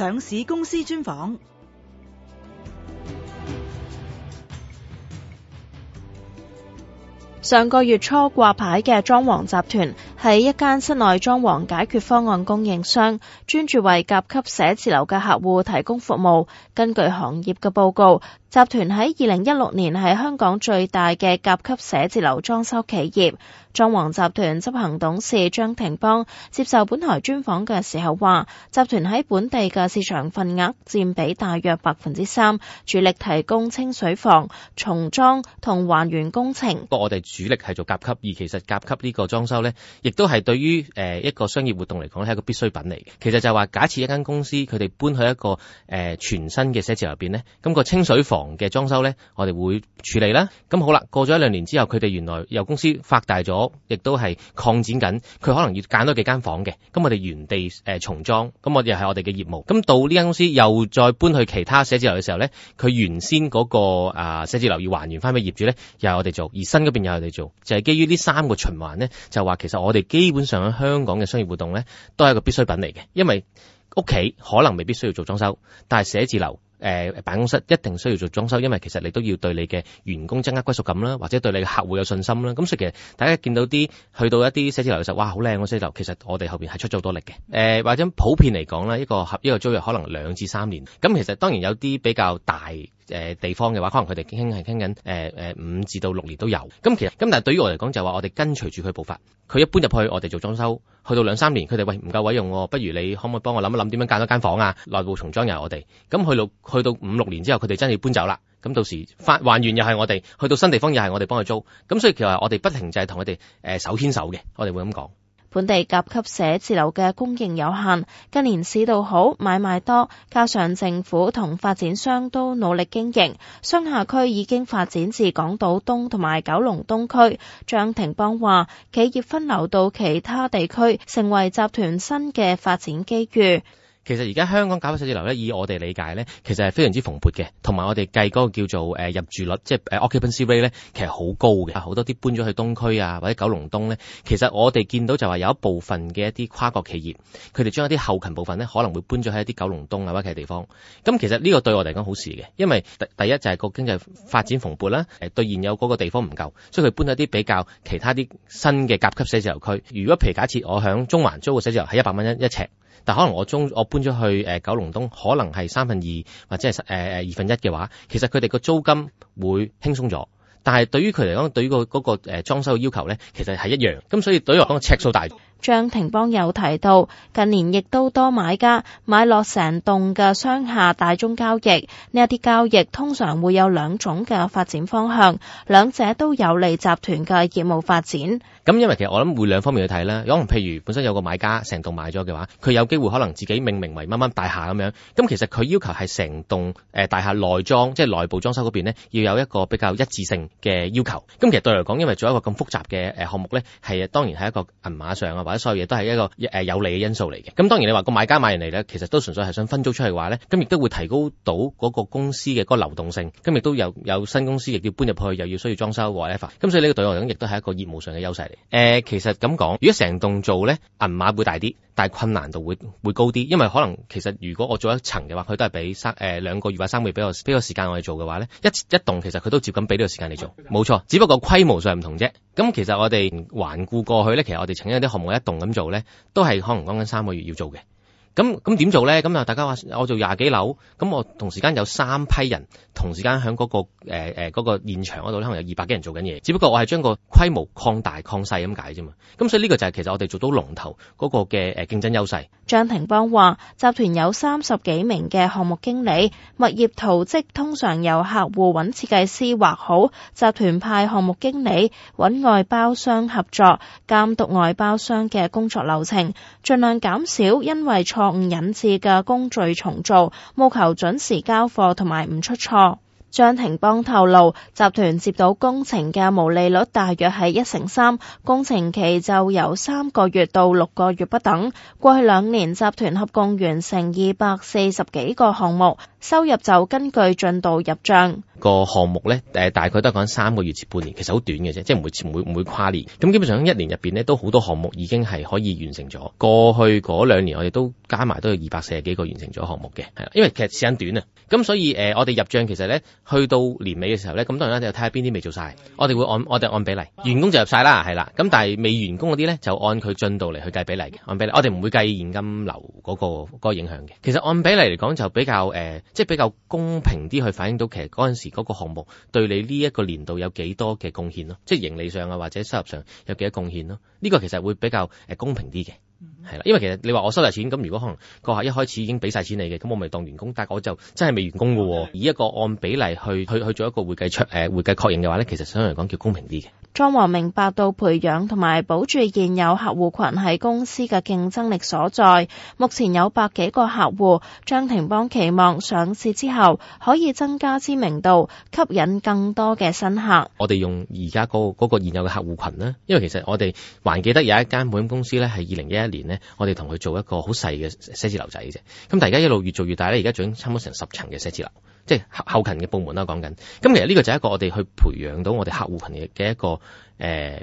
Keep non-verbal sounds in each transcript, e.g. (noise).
上市公司專訪。上個月初掛牌嘅莊皇集團。係一間室內裝潢解決方案供應商，專注為甲級寫字樓嘅客戶提供服務。根據行業嘅報告，集團喺二零一六年係香港最大嘅甲級寫字樓裝修企業。莊皇集團執行董事張霆邦接受本台專訪嘅時候話，集團喺本地嘅市場份額佔比大約百分之三，主力提供清水房重裝同還原工程。不過我哋主力係做甲級，而其實甲級呢個裝修呢。亦都係對於誒一個商業活動嚟講呢，係一個必需品嚟。其實就話假設一間公司佢哋搬去一個誒、呃、全新嘅寫字樓入邊呢，咁、嗰個清水房嘅裝修呢，我哋會處理啦。咁好啦，過咗一兩年之後，佢哋原來由公司發大咗，亦都係擴展緊，佢可能要揀多幾間房嘅。咁我哋原地誒重裝，咁我哋又係我哋嘅業務。咁到呢間公司又再搬去其他寫字樓嘅時候呢，佢原先嗰、嗰個啊寫、呃、字樓要還原翻俾業主呢，又係我哋做，而新嗰邊又係我哋做，就係、係、基於呢三個循環呢，就話其實我哋。基本上喺香港嘅商業活動呢，都係一個必需品嚟嘅。因為屋企可能未必需要做裝修，但係寫字樓誒、呃、辦公室一定需要做裝修，因為其實你都要對你嘅員工增加歸屬感啦，或者對你嘅客戶有信心啦。咁所以其實大家見到啲去到一啲寫字樓嘅時候，哇，好靚個寫字樓，其實我哋後邊係出咗好多力嘅。誒、呃、或者普遍嚟講呢，一個合一個租約可能兩至三年。咁其實當然有啲比較大。誒、呃，地方嘅話，可能佢哋傾係傾緊，誒、呃、誒、呃，五至到六年都有。咁、嗯、其實，咁、嗯、但係對於我嚟講，就話我哋跟隨住佢步伐。佢一搬入去我哋做裝修，去到兩三年，佢哋喂唔夠位用，哦，不如你可唔可以幫我諗一諗，點樣間多間房啊？內部重裝又係我哋。咁、嗯、去到去到五六年之後，佢哋真係要搬走啦。咁、嗯、到時發還原又係我哋，去到新地方又係我哋幫佢租。咁、嗯、所以其實我哋不停就係同佢哋誒手牽手嘅，我哋會咁講。本地甲級寫字樓嘅供應有限，近年市道好，買賣多，加上政府同發展商都努力經營，商廈區已經發展至港島東同埋九龍東區。張霆邦話：企業分流到其他地區，成為集團新嘅發展機遇。其實而家香港甲級寫字樓咧，以我哋理解咧，其實係非常之蓬勃嘅，同埋我哋計嗰個叫做誒入住率，即係誒 occupancy rate 咧，其實好高嘅，好多啲搬咗去東區啊或者九龍東咧。其實我哋見到就話有一部分嘅一啲跨國企業，佢哋將一啲後勤部分咧，可能會搬咗喺一啲九龍東啊或者其他地方。咁其實呢個對我嚟講好事嘅，因為第第一就係個經濟發展蓬勃啦、啊，誒對現有嗰個地方唔夠，所以佢搬咗啲比較其他啲新嘅甲級寫字樓區。如果譬如假設我響中環租個寫字樓係一百蚊一一尺，但可能我中我搬咗去誒九龍東，可能係三分二或者係誒誒二分一嘅話，其實佢哋個租金會輕鬆咗，但係對於佢嚟講，對於個嗰個誒裝修嘅要求咧，其實係一樣咁，所以對於我嚟講個尺數大。張霆邦有提到，近年亦都多買家買落成棟嘅商廈大宗交易，呢一啲交易通常會有兩種嘅發展方向，兩者都有利集團嘅業務發展。咁因為其實我諗會兩方面去睇啦。可能譬如本身有個買家成棟買咗嘅話，佢有機會可能自己命名為乜乜大廈咁樣，咁其實佢要求係成棟誒大廈內裝，即係內部裝修嗰邊呢，要有一個比較一致性嘅要求。咁其實對嚟講，因為做一個咁複雜嘅誒項目咧，係當然係一個銀碼上啊。所有嘢都係一個誒有利嘅因素嚟嘅。咁當然你話個買家買人嚟咧，其實都純粹係想分租出去話咧，咁亦都會提高到嗰個公司嘅嗰個流動性。咁亦都有有新公司亦要搬入去，又要需要裝修或 whatever 咁，所以呢個對我嚟講亦都係一個業務上嘅優勢嚟。誒、呃，其實咁講，如果成棟做咧，銀碼會大啲，但係困難度會會高啲，因為可能其實如果我做一層嘅話，佢都係比三誒兩個月或者三個月比我比個時間我哋做嘅話咧，一一棟其實佢都接近俾呢個時間你做。冇錯，只不過規模上唔同啫。咁其實我哋環顧過去咧，其實我哋曾經有啲項目一動咁做咧，都係可能講緊三個月要做嘅。咁咁點做呢？咁啊，大家話我做廿幾樓，咁我同時間有三批人同時間喺嗰個誒誒嗰個現場嗰度，可能有二百幾人做緊嘢。只不過我係將個規模擴大擴細咁解啫嘛。咁、嗯、所以呢個就係其實我哋做到龍頭嗰個嘅誒競爭優勢。張霆邦話：集團有三十幾名嘅項目經理，物業圖則通常由客戶揾設計師畫好，集團派項目經理揾外包商合作，監督外包商嘅工作流程，盡量減少因為錯誤引致嘅工序重做，務求準時交貨同埋唔出錯。張霆邦透露，集團接到工程嘅毛利率大約係一成三，工程期就由三個月到六個月不等。過去兩年，集團合共完成二百四十幾個項目，收入就根據進度入賬。 (music) (music) 個項目咧，誒大概都係講三個月至半年，其實好短嘅啫，即係唔會唔會跨年。咁基本上一年入邊咧，都好多項目已經係可以完成咗。過去嗰兩年我哋都加埋都有二百四十幾個完成咗項目嘅，係因為其實時間短啊。咁所以誒、呃，我哋入帳其實咧，去到年尾嘅時候咧，咁當然你睇下邊啲未做晒，我哋會按我哋按比例，員工就入晒啦，係啦。咁但係未完工嗰啲咧，就按佢進度嚟去計比例，嘅。按比例。我哋唔會計現金流嗰、嗰個嗰個影響嘅。其實按比例嚟講就比較誒、呃，即係比較公平啲去反映到其實嗰陣時。嗰個項目對你呢一個年度有幾多嘅貢獻咯？即係盈利上啊，或者收入上有幾多貢獻咯？呢、這個其實會比較誒、呃、公平啲嘅，係啦、mm hmm.。因為其實你話我收晒錢咁，如果可能個客一開始已經俾晒錢你嘅，咁我咪當完工，但係我就真係未完工嘅喎、哦。Mm hmm. 以一個按比例去去去做一個會計出誒、呃、會計確認嘅話咧，其實相對嚟講叫公平啲嘅。莊皇明白到培養同埋保住現有客戶群係公司嘅競爭力所在。目前有百幾個客戶，張霆邦期望上市之後可以增加知名度，吸引更多嘅新客。我哋用而家嗰嗰個現有嘅客戶群咧，因為其實我哋還記得有一間保險公司呢，係二零一一年呢，我哋同佢做一個好細嘅寫字樓仔嘅啫。咁大家一路越做越大呢，而家仲差唔多成十層嘅寫字樓。即係後勤嘅部門啦，講緊咁。其實呢個就係一個我哋去培養到我哋客戶群嘅嘅一個誒。呃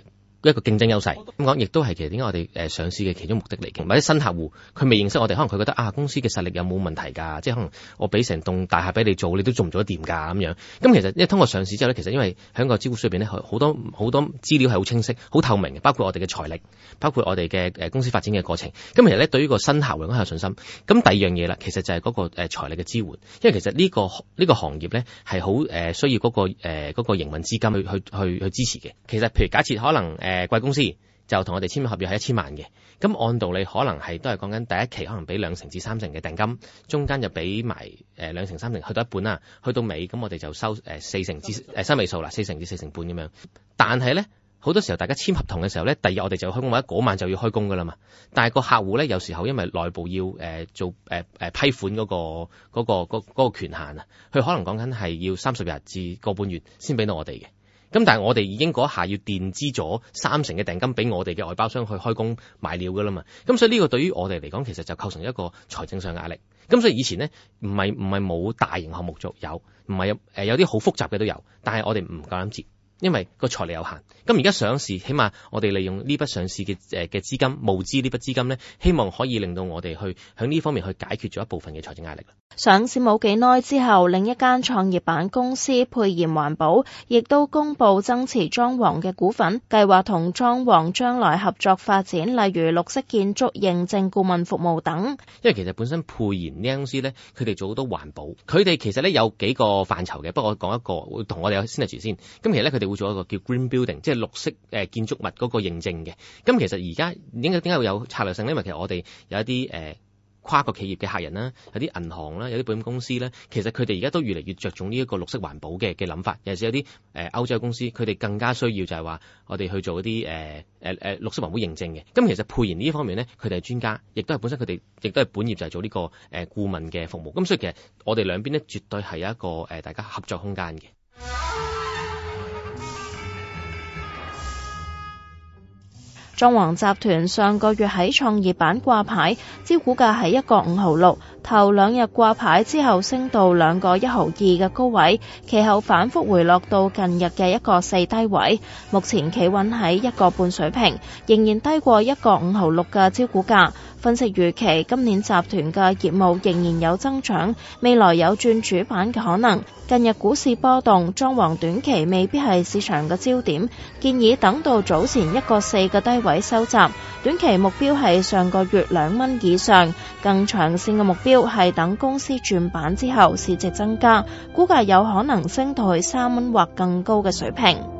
一個競爭優勢，咁講亦都係其實點解我哋誒上市嘅其中目的嚟嘅，或者新客戶佢未認識我哋，可能佢覺得啊公司嘅實力有冇問題㗎？即係可能我俾成棟大廈俾你做，你都做唔做得掂㗎咁樣。咁、嗯、其實一通過上市之後咧，其實因為喺個招股書入邊咧，好多好多資料係好清晰、好透明嘅，包括我哋嘅財力，包括我哋嘅誒公司發展嘅過程。咁、嗯、其實咧對呢個新客戶我係有信心。咁第二樣嘢啦，其實就係嗰個誒財力嘅支援，因為其實呢、呢個呢、呢個行業咧係好誒需要嗰、嗰個誒嗰、嗰個營運資金去去去去支持嘅。其實譬如假設可能誒。呃誒，貴、呃、公司就同我哋簽合約係一千萬嘅，咁、嗯、按道理可能係都係講緊第一期可能俾兩成至三成嘅定金，中間就俾埋誒兩成三成去到一半啦，去到尾咁、嗯、我哋就收誒、呃、四成至誒三位數啦，四成至四成半咁樣。但係咧，好多時候大家簽合同嘅時候咧，第二日我哋就開工，或者嗰晚就要開工噶啦嘛。但係個客戶咧，有時候因為內部要誒、呃、做誒誒、呃呃呃呃呃呃呃、批款嗰、嗰個嗰、嗰個嗰、嗰個權限啊，佢、嗰個嗰個、可能講緊係要三十日至個半月先俾到我哋嘅。咁但係我哋已經嗰下要墊資咗三成嘅訂金俾我哋嘅外包商去開工買料噶啦嘛，咁所以呢個對於我哋嚟講，其實就構成一個財政上壓力。咁所以以前呢，唔係唔係冇大型項目做，有，唔係有啲好、呃、複雜嘅都有，但係我哋唔夠膽接，因爲個財力有限。咁而家上市，起碼我哋利用呢筆上市嘅誒嘅資金，募資呢筆資金呢，希望可以令到我哋去響呢方面去解決咗一部分嘅財政壓力啦。上市冇幾耐之後，另一間創業板公司沛然環保，亦都公布增持莊皇嘅股份，計劃同莊皇將來合作發展，例如綠色建築認證顧問服務等。因為其實本身沛然呢間公司佢哋做好多環保，佢哋其實呢有幾個範疇嘅。不過我講一個，會同我哋有 synergy 先。咁、嗯、其實呢，佢哋會做一個叫 Green Building，即係綠色誒、呃、建築物嗰個認證嘅。咁、嗯、其實而家點解點解會有策略性咧？因為其實我哋有一啲誒。呃呃跨國企業嘅客人啦，有啲銀行啦，有啲保險公司咧，其實佢哋而家都越嚟越着重呢一個綠色環保嘅嘅諗法，尤其是有啲誒歐洲公司，佢哋更加需要就係話我哋去做一啲誒誒誒綠色環保認證嘅。咁、嗯、其實配然呢方面咧，佢哋係專家，亦都係本身佢哋亦都係本業就係做呢個誒顧問嘅服務。咁、嗯、所以其實我哋兩邊咧，絕對係有一個誒、呃、大家合作空間嘅。莊皇集團上個月喺創業板掛牌，招股價係一個五毫六，頭兩日掛牌之後升到兩個一毫二嘅高位，其後反復回落到近日嘅一個四低位，目前企穩喺一個半水平，仍然低過一個五毫六嘅招股價。分析預期今年集團嘅業務仍然有增長，未來有轉主板嘅可能。近日股市波動，裝潢短期未必係市場嘅焦點，建議等到早前一個四個低位收窄，短期目標係上個月兩蚊以上，更長線嘅目標係等公司轉板之後市值增加，估計有可能升到去三蚊或更高嘅水平。